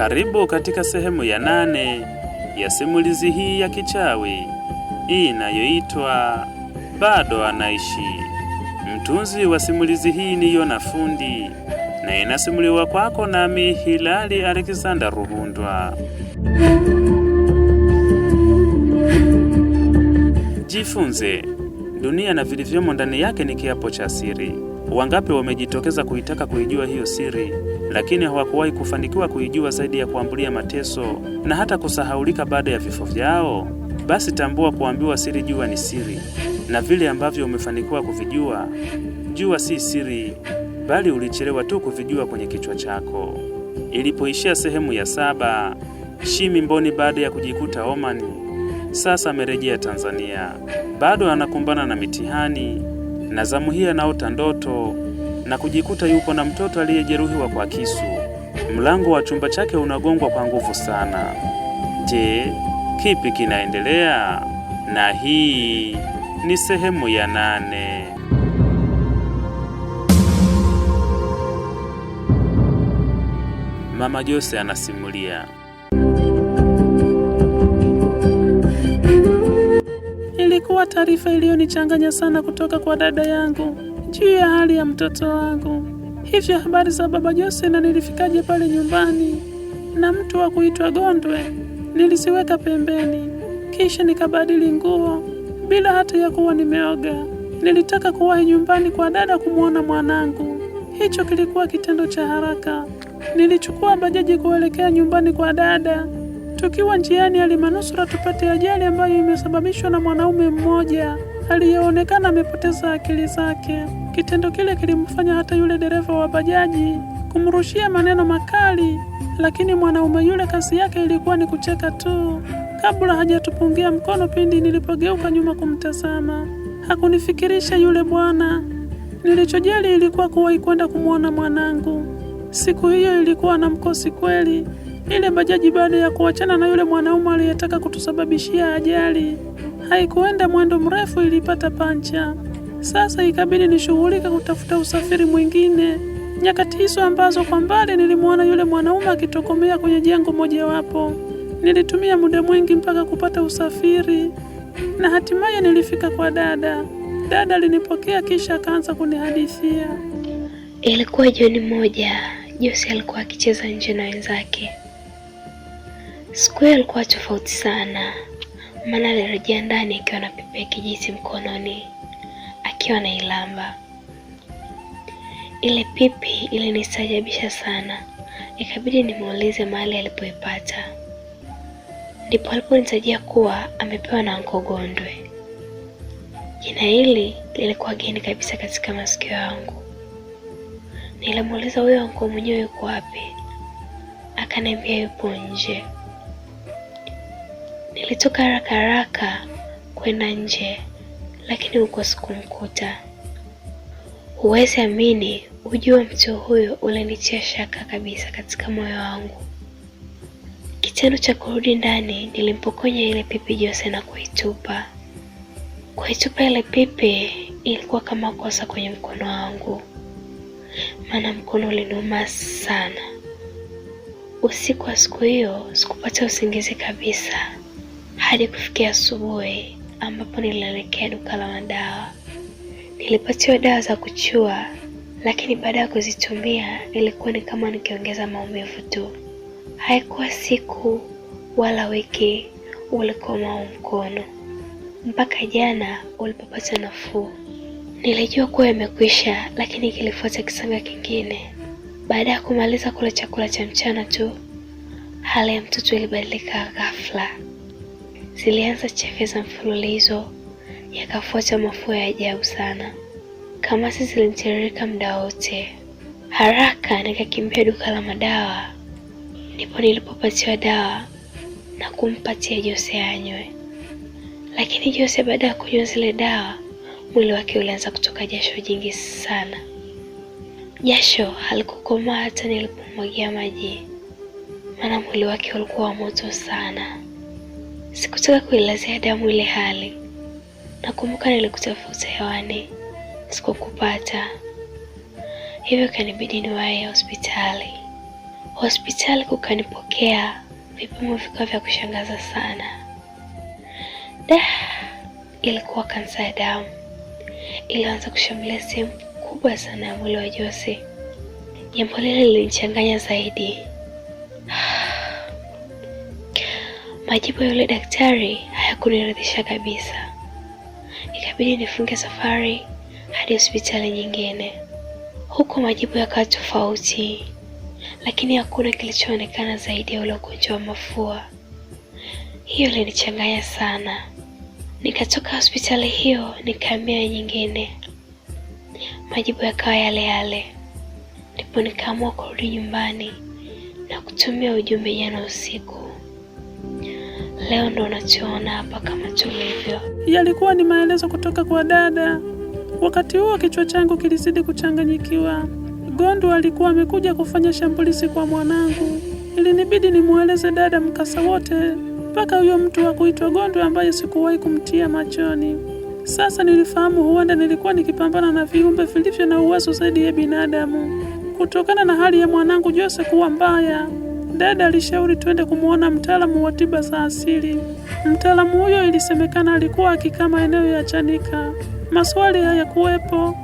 Karibu katika sehemu ya nane ya simulizi hii ya kichawi inayoitwa Bado Anaishi. Mtunzi wa simulizi hii ni Yona Fundi na inasimuliwa kwako nami Hilali Alexander Ruhundwa. Jifunze, dunia na vilivyomo ndani yake ni kiapo cha siri. Wangapi wamejitokeza kuitaka kuijua hiyo siri? lakini hawakuwahi kufanikiwa kuijua zaidi ya kuambulia mateso na hata kusahaulika baada ya vifo vyao, basi tambua kuambiwa siri jua ni siri, na vile ambavyo umefanikiwa kuvijua jua si siri, bali ulichelewa tu kuvijua kwenye kichwa chako. Ilipoishia sehemu ya saba, Shimi Mboni baada ya kujikuta Omani, sasa amerejea Tanzania, bado anakumbana na mitihani na zamu hii anaota ndoto na kujikuta yupo na mtoto aliyejeruhiwa kwa kisu. Mlango wa chumba chake unagongwa kwa nguvu sana. Je, kipi kinaendelea? Na hii ni sehemu ya nane. Mama Jose anasimulia. Ilikuwa taarifa iliyonichanganya sana kutoka kwa dada yangu juu ya hali ya mtoto wangu, hivyo habari za baba Jose na nilifikaje pale nyumbani na mtu wa kuitwa Gondwe niliziweka pembeni, kisha nikabadili nguo bila hata ya kuwa nimeoga. Nilitaka kuwahi nyumbani kwa dada kumwona mwanangu. Hicho kilikuwa kitendo cha haraka. Nilichukua bajaji kuelekea nyumbani kwa dada. Tukiwa njiani, alimanusura tupate ajali ambayo imesababishwa na mwanaume mmoja aliyeonekana amepoteza akili zake. Kitendo kile kilimfanya hata yule dereva wa bajaji kumrushia maneno makali, lakini mwanaume yule kasi yake ilikuwa ni kucheka tu. Kabla hajatupungia mkono, pindi nilipogeuka nyuma kumtazama, hakunifikirisha yule bwana. Nilichojali ilikuwa kuwahi kwenda kumwona mwanangu. Siku hiyo ilikuwa na mkosi kweli. Ile bajaji baada ya kuachana na yule mwanaume aliyetaka kutusababishia ajali, haikuenda mwendo mrefu, ilipata pancha. Sasa ikabidi nishughulika kutafuta usafiri mwingine, nyakati hizo ambazo kwa mbali nilimwona yule mwanaume akitokomea kwenye jengo mojawapo. Nilitumia muda mwingi mpaka kupata usafiri na hatimaye nilifika kwa dada. Dada alinipokea kisha akaanza kunihadithia. Ilikuwa jioni moja, Jose alikuwa akicheza nje na wenzake. Siku hiyo alikuwa tofauti sana, maana alirejea ndani akiwa na pepea kijiti mkononi akiwa anailamba. Ile pipi ilinistajabisha sana, ikabidi nimuulize mahali alipoipata. Ndipo aliponitajia kuwa amepewa na Nkogondwe. Jina hili lilikuwa geni kabisa katika masikio yangu. Nilimuuliza huyo Nko mwenyewe yuko wapi, akaniambia yupo nje. Nilitoka haraka haraka kwenda nje lakini huko sikumkuta. Huwezi amini, ujua mtu huyo ulinitia shaka kabisa katika moyo wangu. Kitendo cha kurudi ndani, nilimpokonya ile pipi Jose na kuitupa. Kuitupa ile pipi ilikuwa kama kosa kwenye mkono wangu, maana mkono uliniuma sana. Usiku wa siku hiyo sikupata usingizi kabisa hadi kufikia asubuhi ambapo nilielekea duka la madawa. Nilipatiwa dawa za kuchua, lakini baada ya kuzitumia ilikuwa ni kama nikiongeza maumivu tu. Haikuwa siku wala wiki, ulikuwa mao mkono mpaka jana ulipopata nafuu. Nilijua kuwa imekwisha, lakini kilifuata kisanga kingine. Baada ya kumaliza kula chakula cha mchana tu, hali ya mtoto ilibadilika ghafla. Zilianza chafya za mfululizo, yakafuata mafua ya ajabu sana. Kamasi zilimtiririka muda wote. Haraka nikakimbia duka la madawa, ndipo nilipopatiwa dawa na kumpatia Jose anywe. Lakini Jose baada ya kunywa zile dawa, mwili wake ulianza kutoka jasho jingi sana. Jasho halikukomaa hata nilipomwagia maji, maana mwili wake ulikuwa wa moto sana. Sikutaka kuelezea damu ile hali. Nakumbuka nilikutafuta hewani, sikukupata, hivyo kanibidi ya hospitali. Hospitali kukanipokea, vipimo vikawa vya kushangaza sana. Da, ilikuwa kansa ya damu ilianza kushambulia sehemu kubwa sana ya mwili wa Jose. Jambo lile lilinichanganya zaidi, Majibu ya yule daktari hayakuniridhisha kabisa, ikabidi nifunge safari hadi hospitali nyingine. Huko majibu yakawa tofauti, lakini hakuna kilichoonekana zaidi ya ule ugonjwa wa mafua. Hiyo ilinichanganya sana. Nikatoka hospitali hiyo nikaambia nyingine, majibu yakawa yale yale. Ndipo nikaamua kurudi nyumbani na kutumia ujumbe jana usiku. Leo ndo unachoona hapa kama tulivyo. Yalikuwa ni maelezo kutoka kwa dada. Wakati huo kichwa changu kilizidi kuchanganyikiwa. Gondo alikuwa amekuja kufanya shambulizi kwa mwanangu. Ilinibidi nimweleze dada mkasa wote, mpaka huyo mtu wa kuitwa Gondo ambaye sikuwahi kumtia machoni. Sasa nilifahamu huenda nilikuwa nikipambana na viumbe vilivyo na uwezo zaidi ya binadamu, kutokana na hali ya mwanangu Jose kuwa mbaya. Dada alishauri twende kumwona mtaalamu wa tiba za asili. Mtaalamu huyo ilisemekana alikuwa akikaa maeneo ya Chanika. Maswali hayakuwepo.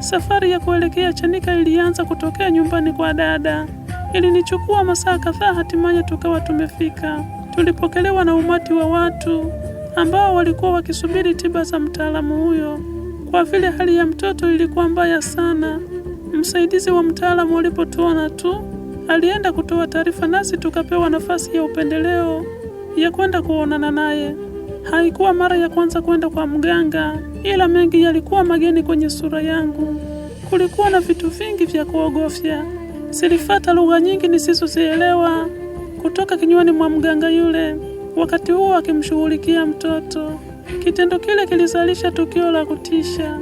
Safari ya kuelekea Chanika ilianza kutokea nyumbani kwa dada. Ilinichukua masaa kadhaa, hatimaye tukawa tumefika. Tulipokelewa na umati wa watu ambao walikuwa wakisubiri tiba za mtaalamu huyo. Kwa vile hali ya mtoto ilikuwa mbaya sana, msaidizi wa mtaalamu alipotuona tu alienda kutoa taarifa, nasi tukapewa nafasi ya upendeleo ya kwenda kuonana naye. Haikuwa mara ya kwanza kwenda kwa mganga, ila mengi yalikuwa mageni kwenye sura yangu. Kulikuwa na vitu vingi vya kuogofya. Silifata lugha nyingi nisizozielewa kutoka kinywani mwa mganga yule, wakati huo akimshughulikia mtoto. Kitendo kile kilizalisha tukio la kutisha.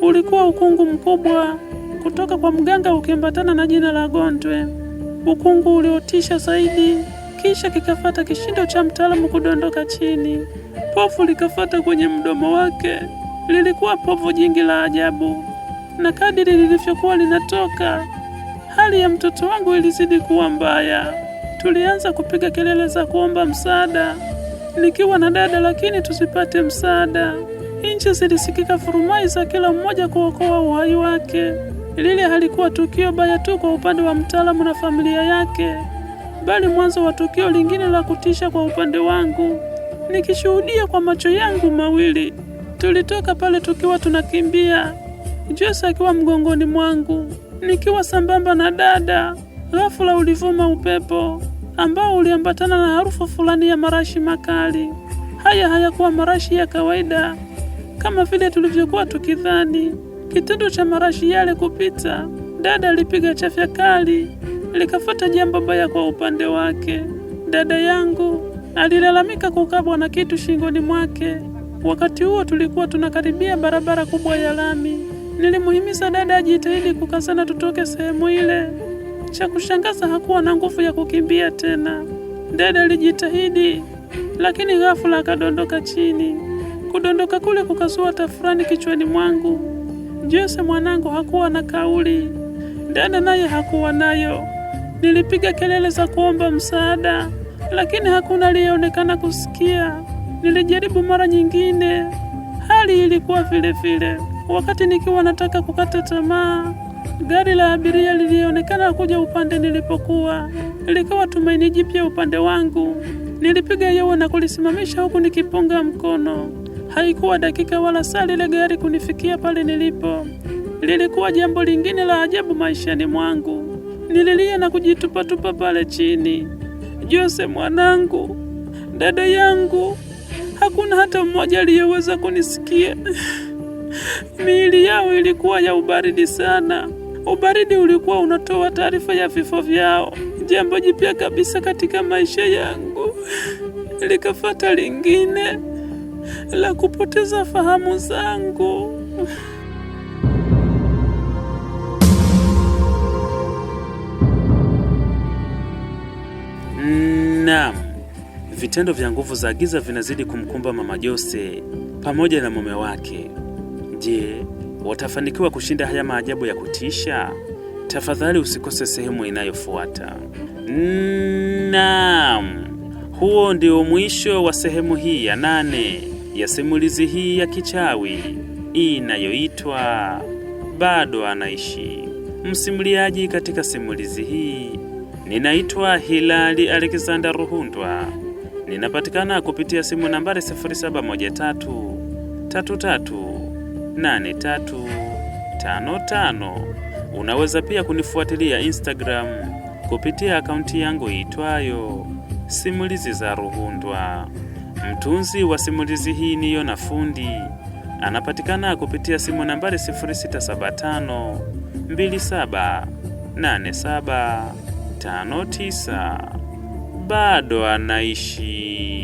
Ulikuwa ukungu mkubwa kutoka kwa mganga ukiambatana na jina la Gondwe ukungu uliotisha zaidi, kisha kikafata kishindo cha mtaalamu kudondoka chini. Povu likafata kwenye mdomo wake. Lilikuwa povu jingi la ajabu, na kadiri lilivyokuwa linatoka, hali ya mtoto wangu ilizidi kuwa mbaya. Tulianza kupiga kelele za kuomba msaada, nikiwa na dada, lakini tusipate msaada. Nchi zilisikika furumai za kila mmoja kuokoa uhai wake. Lile halikuwa tukio baya tu kwa upande wa mtaalamu na familia yake, bali mwanzo wa tukio lingine la kutisha kwa upande wangu, nikishuhudia kwa macho yangu mawili. Tulitoka pale tukiwa tunakimbia, Jose akiwa mgongoni mwangu, nikiwa sambamba na dada. Ghafula ulivuma upepo ambao uliambatana na harufu fulani ya marashi makali. Haya hayakuwa marashi ya kawaida kama vile tulivyokuwa tukidhani. Kitendo cha marashi yale kupita, dada alipiga chafya kali, likafuata jambo baya kwa upande wake. Dada yangu alilalamika kukabwa na kitu shingoni mwake. Wakati huo tulikuwa tunakaribia barabara kubwa ya lami. Nilimuhimiza dada ajitahidi kukasana tutoke sehemu ile. Cha kushangaza hakuwa na nguvu ya kukimbia tena. Dada alijitahidi, lakini ghafula akadondoka chini. Kudondoka kule kukazua tafurani kichwani mwangu. Jose mwanangu hakuwa na kauli, dada naye hakuwa nayo. Nilipiga kelele za kuomba msaada, lakini hakuna aliyeonekana kusikia. Nilijaribu mara nyingine, hali ilikuwa vile vile. Wakati nikiwa nataka kukata tamaa, gari la abiria lilionekana kuja upande nilipokuwa. Ilikuwa tumaini jipya upande wangu. Nilipiga yowe na kulisimamisha huku nikipunga mkono. Haikuwa dakika wala saa lile gari kunifikia pale nilipo. Lilikuwa jambo lingine la ajabu maishani mwangu. Nililia na kujitupatupa pale chini. Jose mwanangu, dada yangu, hakuna hata mmoja aliyeweza kunisikia. Miili yao ilikuwa ya ubaridi sana. Ubaridi ulikuwa unatoa taarifa ya vifo vyao, jambo jipya kabisa katika maisha yangu. Likafata lingine la kupoteza fahamu zangu. Naam, vitendo vya nguvu za giza vinazidi kumkumba Mama Jose pamoja na mume wake. Je, watafanikiwa kushinda haya maajabu ya kutisha? Tafadhali usikose sehemu inayofuata. Naam. Huo ndio mwisho wa sehemu hii ya nane ya simulizi hii ya kichawi inayoitwa Bado Anaishi. Msimuliaji katika simulizi hii ninaitwa Hilali Alexander Ruhundwa, ninapatikana kupitia simu nambari 0713338355. Unaweza pia kunifuatilia Instagram kupitia akaunti yangu iitwayo Simulizi za Ruhundwa. Mtunzi wa simulizi hii ni Yona Fundi, anapatikana kupitia simu nambari 0675 27 Bado anaishi.